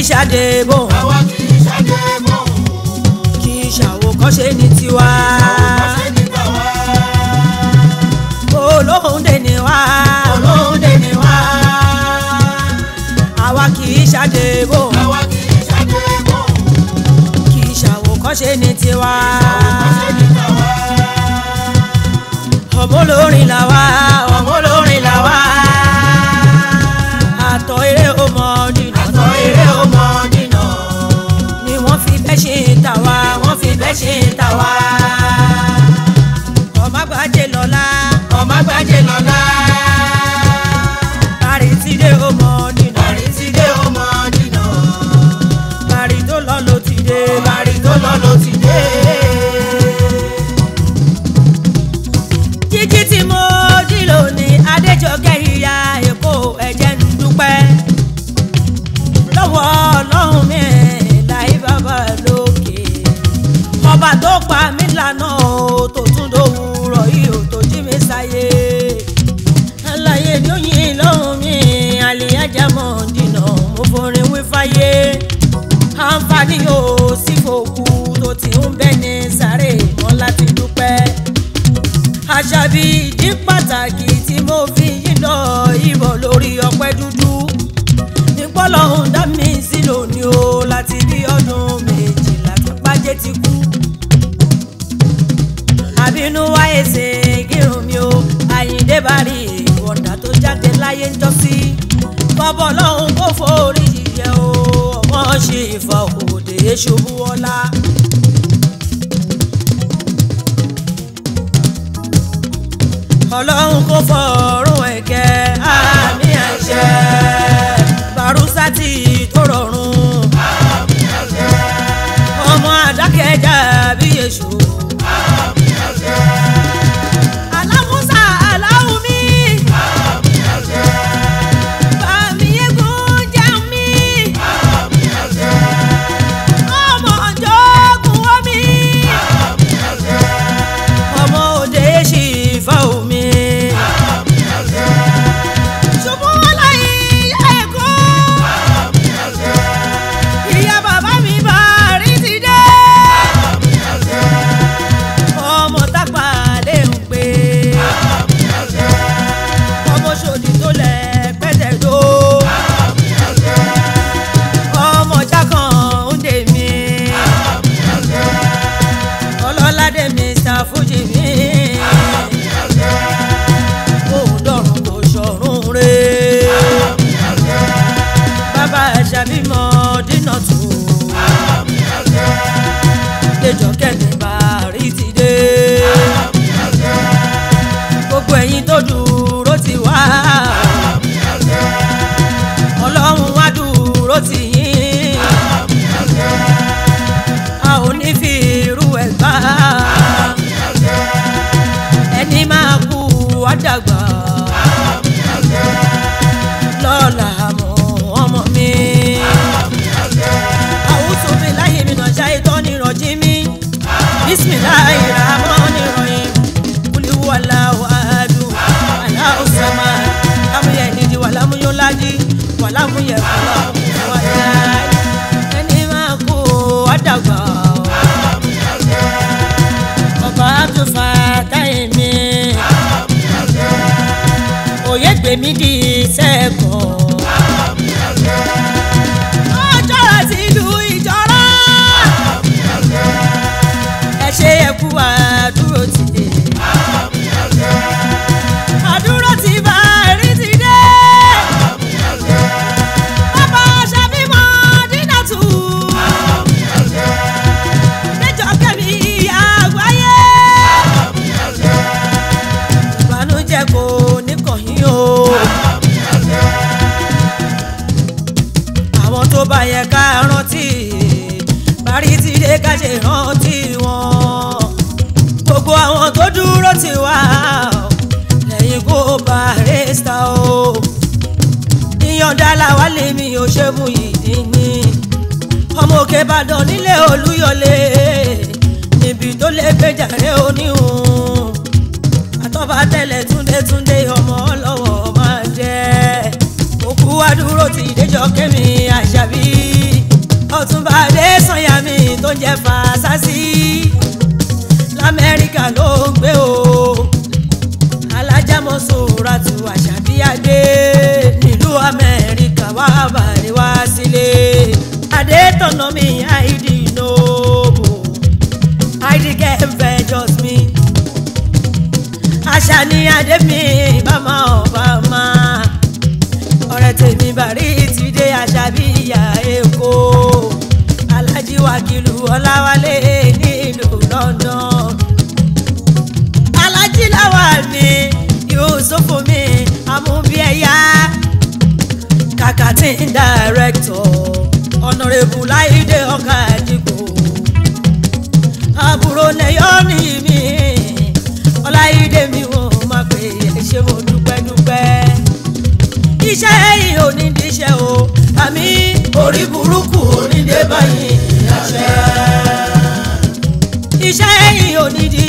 í ṣàdébò. àwa kì í ṣàdébò. kì í ṣàwòkọ́ṣe ní tiwa. ṣàwòkọ́ṣe ní tàwa. olóhùn dè wá. àwa kì í ṣàdébò. kì í ṣàdébò. kì ní tiwa. ọmọ olórin làwa. èrè ọmọ nínà. ni wọ́n fi bẹ́ ṣe tàwa wọ́n fi bẹ́ ṣe tàwa. ọmọ àgbàjẹ lọ́la. ọmọ àgbàjẹ lọ́la. lànà o tó tún dòwúrọ̀ yìí o tó jí mi sáyé. aláyé ni ó yin lọ́hùn mi àlìyájà mọ̀ dìnà mo forin wí fáyé. àǹfààní o sì fòkù tó ti ń bẹ ní sáré wọn láti dúpẹ́. àṣàbí ìdí pàtàkì tí mo fi yí lọ ìbọn lórí ọpẹ́ dúdú. nígbọ́ dá mi sí lónìí o láti bí ọdún méjìlá tó pàjẹ́ ti kú ṣègé omi o àyíndé bari ìwọ̀nda tó jáde láyé ń jọ́sí bọ́bọ́ lọ́hún kò forí yíyẹ o ọmọ ṣe ìfà òde ṣubú ọlá. ọlọ́run kò fọ̀rọ̀. wá dàgbà. àmì àṣẹ. lọ́la àmọ́ ọmọ mi. àmì àṣẹ. àwùjọ mi láyé mi náà ṣáà ìtọ́ ni ìrọ̀jí mi. bísímìláì ràmọ́ ni ìròyìn. kúlíwù aláwọ̀ àádùn. aláwọ̀ sàmà. lámúyẹ̀ ìdí wà lámúyọ́ládì wà lámúyẹ̀ fọlọ́. kàn yín o. àwọn tó bá yẹ ká rántí parí ti dé ká ṣe rántí wọn. gbogbo àwọn tó dúró tì wá lẹ́yìn kó Barrister o. ìyọ̀ǹda làwa lèmi ò ṣe mú ìdí ni ọmọ òkè Ìbàdàn nílé Olúyọ̀lé níbi tó lè gbèjà rẹ̀ oníhùn. àjàbí ọ̀túnba adésànyàmí tó jẹ́ fàṣásí lamẹ́ríkà ló ń gbé o alájà Mọ́sùrátù àṣàbí adé nílùú amẹ́ríkà wà bàrẹ̀ wá sílé adétọ̀nà mi àìdí nóòbò àìdí kẹfẹ́ just me àṣà ni adé mi bá máa bá. ìyá èkó alhaji wakilu ọláwálé nílùú London alhaji lawal mi yusufu mi amúbíẹ̀yà kàkàtí director ọ̀nàrẹ́bù láìdè iṣẹ́ yìí ò nídìí.